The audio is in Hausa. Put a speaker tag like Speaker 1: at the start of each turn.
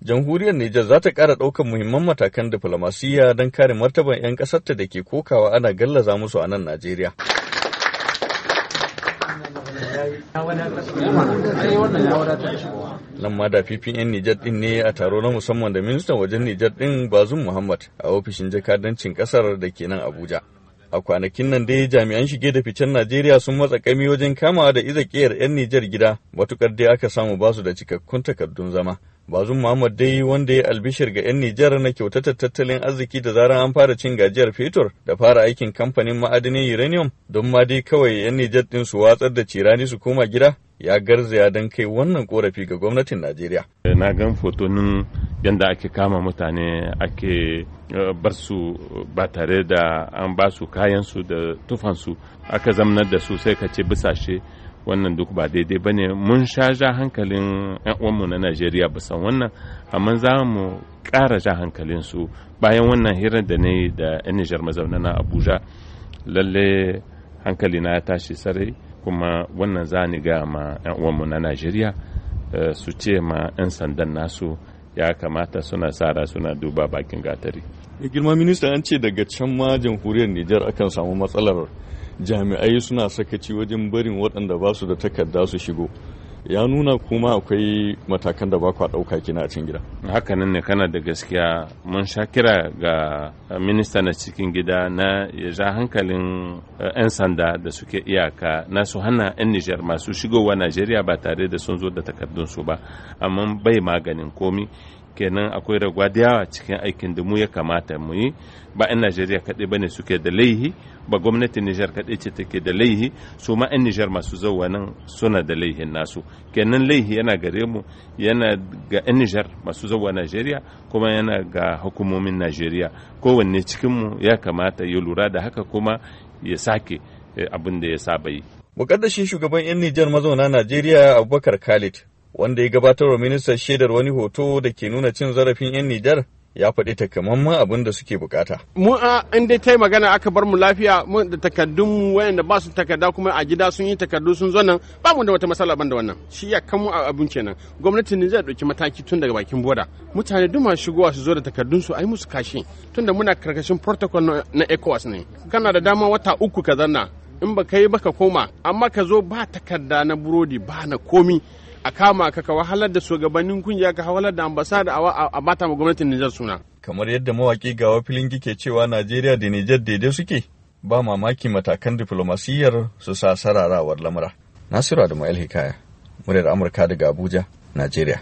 Speaker 1: Jamhuriyar Nijar za ta ƙara ɗaukar muhimman matakan diflomasiyya don kare martaban 'yan ƙasarta da ke kokawa ana gallaza musu a nan Najeriya. nan ma da fifin 'yan Nijar din ne a taro na musamman da ministan wajen Nijar ɗin Bazum Muhammad a ofishin jakadancin ƙasar da ke nan Abuja. A kwanakin nan dai jami'an shige da ficen Najeriya sun matsa kami wajen kamawa da izakiyar 'yan Nijar gida, matuƙar dai aka samu basu da cikakkun takardun zama. Bazum Muhammad dai wanda ya albishir ga 'yan Nijar na kyautatar tattalin arziki da zarar an fara cin gajiyar fetur da fara aikin kamfanin ma'adinin uranium don ma dai kawai 'yan Nijar din su watsar da cirani su koma gida ya garzaya don kai wannan korafi ga gwamnatin Najeriya.
Speaker 2: Eh, na gan fotonin yadda ake kama mutane ake eh, bar su ba tare da an ba su kayansu da tufansu aka zamnar da su sai ka ce bisashe wannan duk ba daidai ba ne mun sha ja hankalin uwanmu na najeriya bisan wannan amma za mu ƙara ja hankalin su bayan wannan hirar da ne da yan nijar mazauna na abuja lalle hankali na ya tashi sarai kuma wannan za ni ga ma yan uwanmu na najeriya eh, su ce ma yan sandan nasu ya kamata suna tsara suna duba bakin gatari girma minista an ce daga can ma
Speaker 1: jamhuriyar nijar akan samu matsalar jami'ai suna sakaci wajen barin waɗanda ba su da
Speaker 2: takarda su shigo ya nuna kuma akwai matakan da ba kwa dauka kina a cikin gida. Hakanan ne kana da gaskiya mun sha kira ga minista na cikin gida na ya ja hankalin eh, 'yan sanda da suke iyaka na su hana 'yan Nijar masu shigowa Najeriya ba tare da sun zo da takardun su ba amma bai maganin komi kenan akwai ragwa da yawa cikin aikin da mu ya kamata mu yi ba 'yan najeriya kaɗai ba ne suke da laihi ba gwamnatin nijar kaɗai ce take da laihi su ma 'yan nijar masu zauwa nan suna da laihin nasu kenan laihi yana gare mu yana ga 'yan nijar masu zauwa najeriya kuma yana ga hukumomin najeriya kowanne cikinmu ya kamata ya lura da haka kuma ya sake eh, abin da ya saba yi mukaddashin shugaban 'yan
Speaker 1: nijar mazauna najeriya abubakar khalid wanda ya gabatar wa ministan shaidar wani hoto da ke nuna cin zarafin 'yan Nijar ya faɗi takamaiman abin da suke bukata.
Speaker 3: Mu a inda ta magana aka bar mu lafiya mu da takardun mu wayanda ba su takarda kuma a gida sun yi takardu sun zo nan ba mu da wata matsala ban da wannan. Shi ya kan mu a abin kenan. Gwamnatin Nijar dauki mataki tun daga bakin boda. Mutane duma shigowa su zo da takardun su ai musu kashi tunda muna karkashin protocol na ECOWAS ne. Kana da dama wata uku ka zanna in ba ka yi ba ka koma amma ka zo ba takarda na burodi ba na komi. a kama ka wahalar da shugabannin kungiya ka wahalar da ambasada a mata ma gwamnatin Nijar suna.
Speaker 1: Kamar yadda mawaki gawa filin ke cewa Najeriya da Nijar daidai suke ba mamaki matakan diflomasiyyar su sa sararawar lamura. Nasiru Adamu El Hikaya, muryar Amurka daga Abuja, Najeriya.